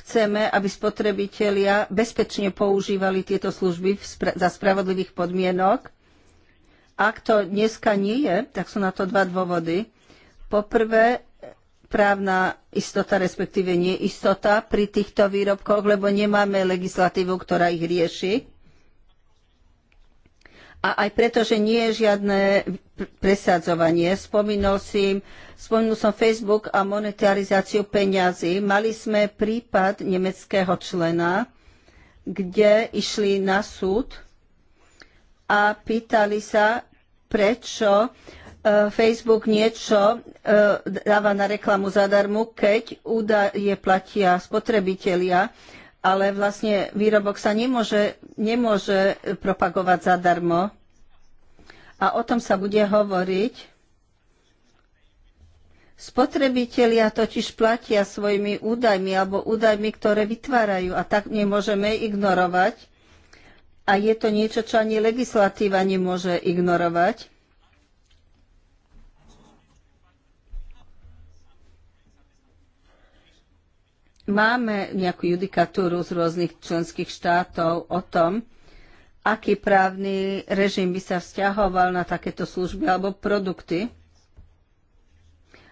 chceme, aby spotrebitelia bezpečne používali tieto služby za spravodlivých podmienok. Ak to dneska nie je, tak sú na to dva dôvody. Poprvé, právna istota, respektíve neistota pri týchto výrobkoch, lebo nemáme legislatívu, ktorá ich rieši. A aj preto, že nie je žiadne presadzovanie. Spomínal, si, spomínal som Facebook a monetarizáciu peňazí. Mali sme prípad nemeckého člena, kde išli na súd a pýtali sa, prečo E, Facebook niečo e, dáva na reklamu zadarmo, keď údaje platia spotrebitelia, ale vlastne výrobok sa nemôže, nemôže propagovať zadarmo. A o tom sa bude hovoriť. Spotrebitelia totiž platia svojimi údajmi alebo údajmi, ktoré vytvárajú a tak nemôžeme ignorovať. A je to niečo, čo ani legislatíva nemôže ignorovať. Máme nejakú judikatúru z rôznych členských štátov o tom, aký právny režim by sa vzťahoval na takéto služby alebo produkty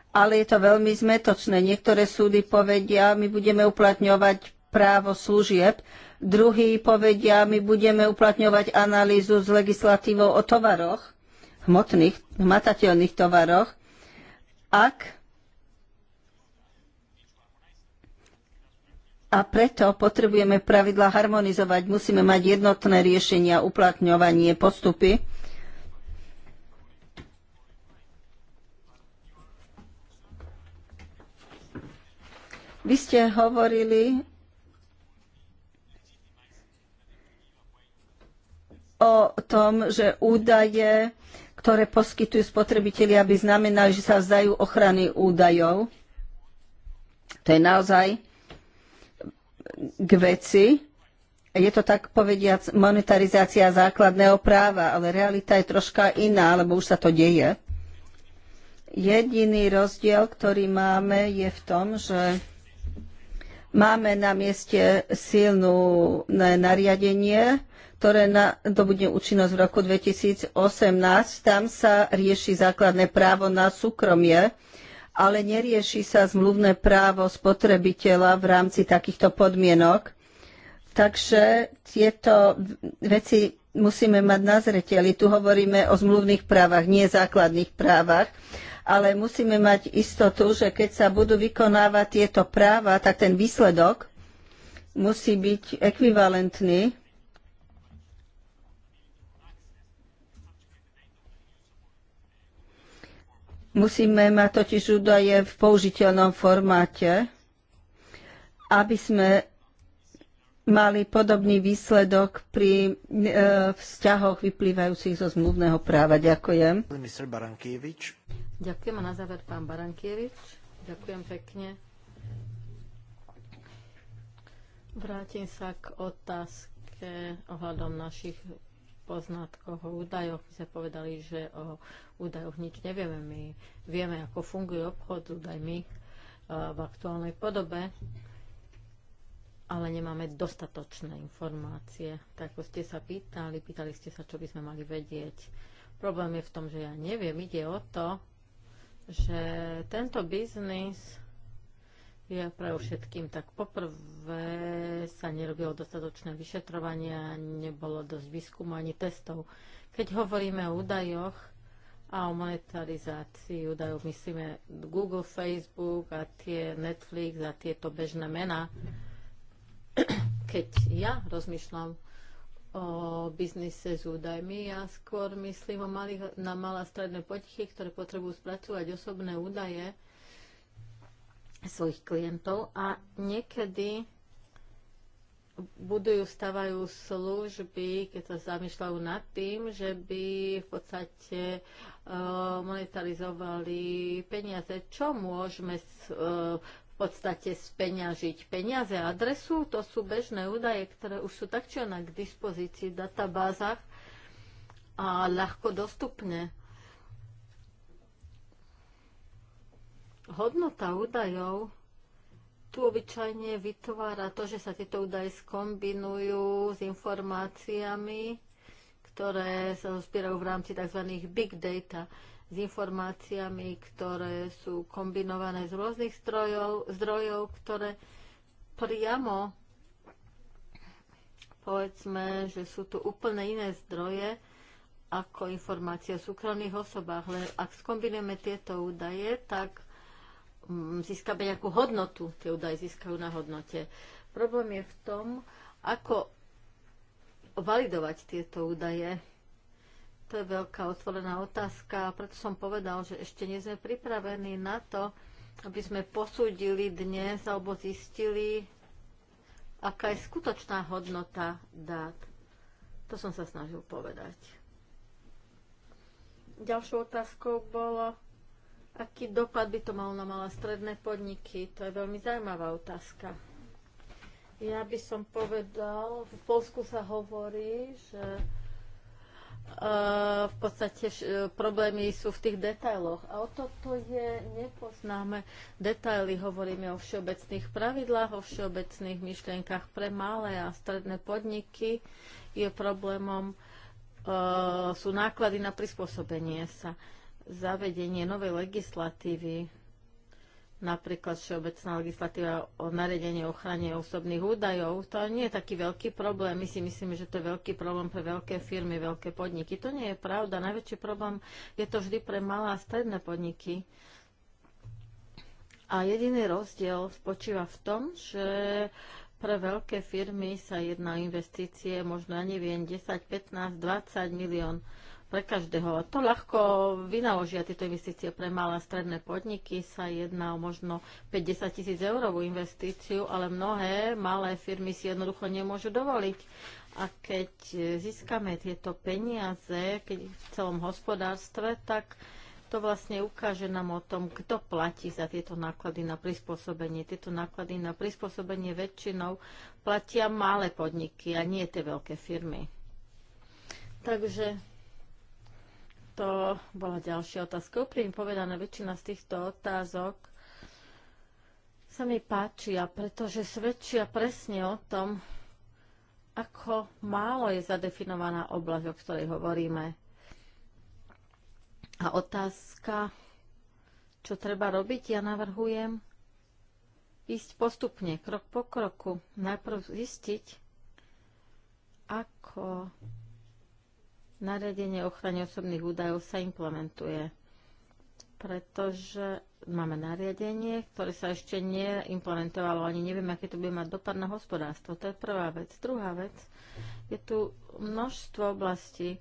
ale je to veľmi zmetočné. Niektoré súdy povedia, my budeme uplatňovať právo služieb, druhí povedia, my budeme uplatňovať analýzu s legislatívou o tovaroch, hmotných, hmatateľných tovaroch. Ak a preto potrebujeme pravidla harmonizovať, musíme mať jednotné riešenia, uplatňovanie, postupy. Vy ste hovorili o tom, že údaje, ktoré poskytujú spotrebitelia, aby znamenali, že sa vzdajú ochrany údajov. To je naozaj k veci. Je to tak povediac monetarizácia základného práva, ale realita je troška iná, lebo už sa to deje. Jediný rozdiel, ktorý máme, je v tom, že máme na mieste silnú nariadenie, ktoré nadobudne účinnosť v roku 2018. Tam sa rieši základné právo na súkromie ale nerieši sa zmluvné právo spotrebiteľa v rámci takýchto podmienok. Takže tieto veci musíme mať na zreteli. Tu hovoríme o zmluvných právach, nie základných právach, ale musíme mať istotu, že keď sa budú vykonávať tieto práva, tak ten výsledok musí byť ekvivalentný Musíme mať totiž údaje v použiteľnom formáte, aby sme mali podobný výsledok pri e, vzťahoch vyplývajúcich zo zmluvného práva. Ďakujem. Ďakujem a na záver pán Barankievič. Ďakujem pekne. Vrátim sa k otázke ohľadom našich poznatkoch, o údajoch. My sme povedali, že o údajoch nič nevieme. My vieme, ako funguje obchod s údajmi eh, v aktuálnej podobe, ale nemáme dostatočné informácie. Tak ako ste sa pýtali, pýtali ste sa, čo by sme mali vedieť. Problém je v tom, že ja neviem. Ide o to, že tento biznis ja pre všetkým tak poprvé sa nerobilo dostatočné vyšetrovanie, nebolo dosť výskumu ani testov. Keď hovoríme o údajoch a o monetarizácii údajov, myslíme Google, Facebook a tie Netflix a tieto bežné mená. Keď ja rozmýšľam o biznise s údajmi, ja skôr myslím o malých, na malé a stredné potichy, ktoré potrebujú spracovať osobné údaje, svojich klientov a niekedy budujú, stavajú služby, keď sa zamýšľajú nad tým, že by v podstate e, monetarizovali peniaze. Čo môžeme s, e, v podstate speňažiť? Peniaze adresu, to sú bežné údaje, ktoré už sú tak či onak k dispozícii v databázach a ľahko dostupné. hodnota údajov tu obyčajne vytvára to, že sa tieto údaje skombinujú s informáciami, ktoré sa zbierajú v rámci tzv. big data, s informáciami, ktoré sú kombinované z rôznych strojov, zdrojov, ktoré priamo povedzme, že sú tu úplne iné zdroje ako informácie o súkromných osobách. Ale ak skombinujeme tieto údaje, tak Mm, získame nejakú hodnotu, tie údaje získajú na hodnote. Problém je v tom, ako validovať tieto údaje. To je veľká otvorená otázka a preto som povedal, že ešte nie sme pripravení na to, aby sme posúdili dnes alebo zistili, aká je skutočná hodnota dát. To som sa snažil povedať. Ďalšou otázkou bolo, Aký dopad by to malo na malé stredné podniky? To je veľmi zaujímavá otázka. Ja by som povedal, v Polsku sa hovorí, že e, v podstate e, problémy sú v tých detailoch. A o toto je, nepoznáme detaily, hovoríme o všeobecných pravidlách, o všeobecných myšlienkach pre malé a stredné podniky. Je problémom, e, sú náklady na prispôsobenie sa. Uh, zavedenie novej legislatívy, napríklad Všeobecná legislatíva o naredení ochrane osobných údajov, to nie je taký veľký problém. My si myslíme, že to je veľký problém pre veľké firmy, veľké podniky. To nie je pravda. Najväčší problém je to vždy pre malé a stredné podniky. A jediný rozdiel spočíva v tom, že pre veľké firmy sa jedná o investície možno, neviem, 10, 15, 20 milión pre každého. To ľahko vynaložia tieto investície pre malé a stredné podniky. Sa jedná o možno 50 tisíc eurovú investíciu, ale mnohé malé firmy si jednoducho nemôžu dovoliť. A keď získame tieto peniaze keď v celom hospodárstve, tak to vlastne ukáže nám o tom, kto platí za tieto náklady na prispôsobenie. Tieto náklady na prispôsobenie väčšinou platia malé podniky a nie tie veľké firmy. Takže to bola ďalšia otázka. Úprim povedané, väčšina z týchto otázok sa mi páčia, pretože svedčia presne o tom, ako málo je zadefinovaná oblasť, o ktorej hovoríme. A otázka, čo treba robiť, ja navrhujem ísť postupne, krok po kroku. Najprv zistiť, ako Nariadenie ochrany osobných údajov sa implementuje, pretože máme nariadenie, ktoré sa ešte neimplementovalo, ani neviem, aké to bude mať dopad na hospodárstvo. To je prvá vec. Druhá vec, je tu množstvo oblastí,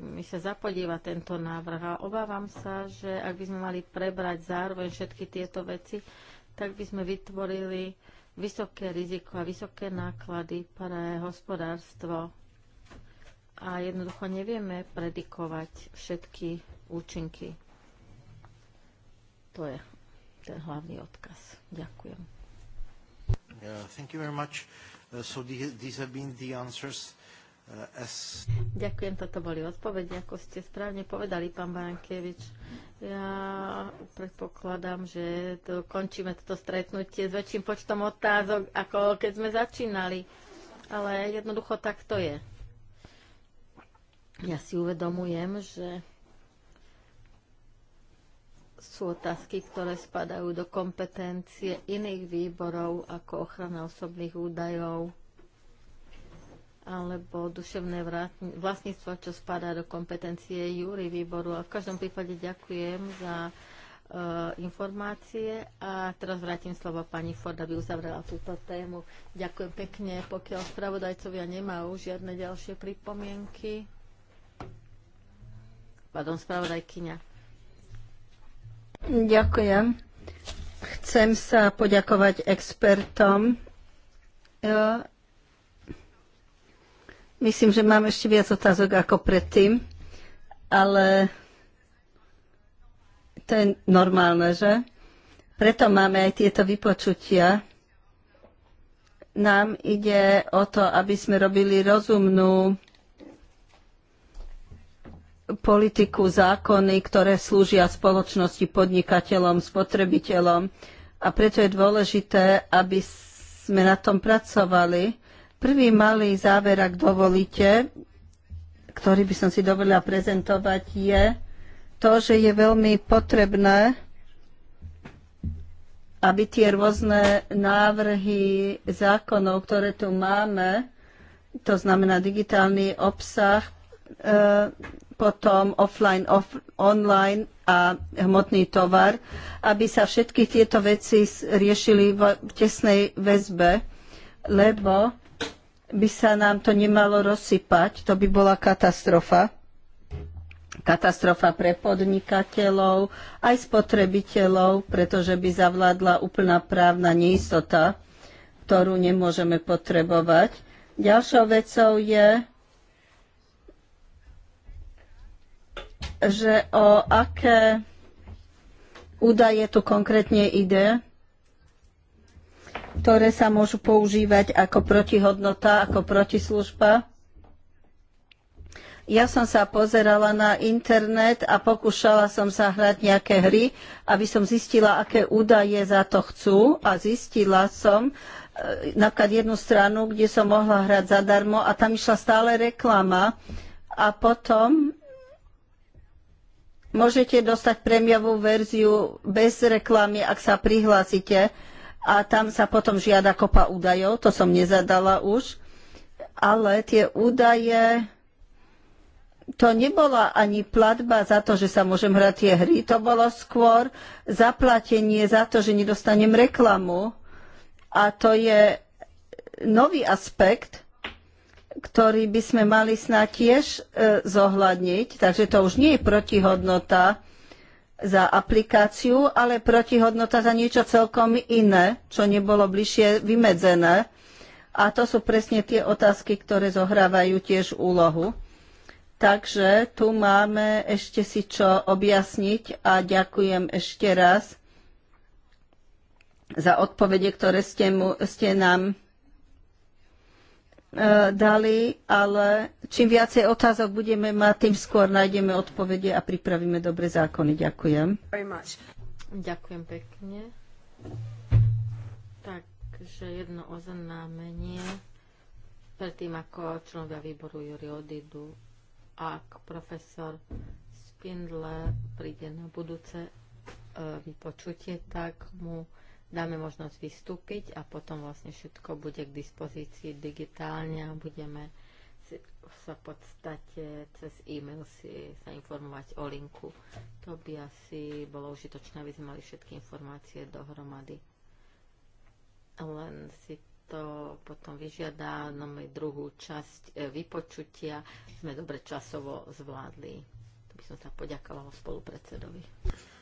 mi sa zapodíva tento návrh a obávam sa, že ak by sme mali prebrať zároveň všetky tieto veci, tak by sme vytvorili vysoké riziko a vysoké náklady pre hospodárstvo a jednoducho nevieme predikovať všetky účinky. To je ten hlavný odkaz. Ďakujem. Uh, uh, Ďakujem, toto boli odpovede, ako ste správne povedali, pán Barankevič. Ja predpokladám, že to, končíme toto stretnutie s väčším počtom otázok, ako keď sme začínali. Ale jednoducho tak to je. Ja si uvedomujem, že sú otázky, ktoré spadajú do kompetencie iných výborov ako ochrana osobných údajov alebo duševné vlastníctvo, čo spadá do kompetencie Júry výboru. A v každom prípade ďakujem za e, informácie a teraz vrátim slovo pani Ford, aby uzavrela túto tému. Ďakujem pekne, pokiaľ spravodajcovia nemajú žiadne ďalšie pripomienky pardon, spravodajkyňa. Ďakujem. Chcem sa poďakovať expertom. E, myslím, že mám ešte viac otázok ako predtým, ale to je normálne, že? Preto máme aj tieto vypočutia. Nám ide o to, aby sme robili rozumnú politiku, zákony, ktoré slúžia spoločnosti, podnikateľom, spotrebiteľom. A preto je dôležité, aby sme na tom pracovali. Prvý malý záver, ak dovolíte, ktorý by som si dovolila prezentovať, je to, že je veľmi potrebné, aby tie rôzne návrhy zákonov, ktoré tu máme, to znamená digitálny obsah, e, potom offline, off, online a hmotný tovar, aby sa všetky tieto veci riešili v tesnej väzbe, lebo by sa nám to nemalo rozsypať, to by bola katastrofa. Katastrofa pre podnikateľov, aj spotrebiteľov, pretože by zavládla úplná právna neistota, ktorú nemôžeme potrebovať. Ďalšou vecou je, že o aké údaje tu konkrétne ide, ktoré sa môžu používať ako protihodnota, ako protislužba. Ja som sa pozerala na internet a pokúšala som sa hrať nejaké hry, aby som zistila, aké údaje za to chcú a zistila som eh, napríklad jednu stranu, kde som mohla hrať zadarmo a tam išla stále reklama a potom Môžete dostať premiovú verziu bez reklamy, ak sa prihlásite a tam sa potom žiada kopa údajov, to som nezadala už, ale tie údaje, to nebola ani platba za to, že sa môžem hrať tie hry, to bolo skôr zaplatenie za to, že nedostanem reklamu a to je nový aspekt, ktorý by sme mali snáď tiež e, zohľadniť. Takže to už nie je protihodnota za aplikáciu, ale protihodnota za niečo celkom iné, čo nebolo bližšie vymedzené. A to sú presne tie otázky, ktoré zohrávajú tiež úlohu. Takže tu máme ešte si čo objasniť a ďakujem ešte raz za odpovede, ktoré ste, mu, ste nám E, dali, ale čím viacej otázok budeme mať, tým skôr nájdeme odpovede a pripravíme dobre zákony. Ďakujem. Ďakujem pekne. Takže jedno oznámenie predtým, ako členovia výboru Juri odídu, ak profesor Spindle príde na budúce e, vypočutie, tak mu dáme možnosť vystúpiť a potom vlastne všetko bude k dispozícii digitálne a budeme sa v podstate cez e-mail si sa informovať o linku. To by asi bolo užitočné, aby sme mali všetky informácie dohromady. Len si to potom vyžiada na no druhú časť e, vypočutia. Sme dobre časovo zvládli. To by som sa poďakovala spolupredsedovi.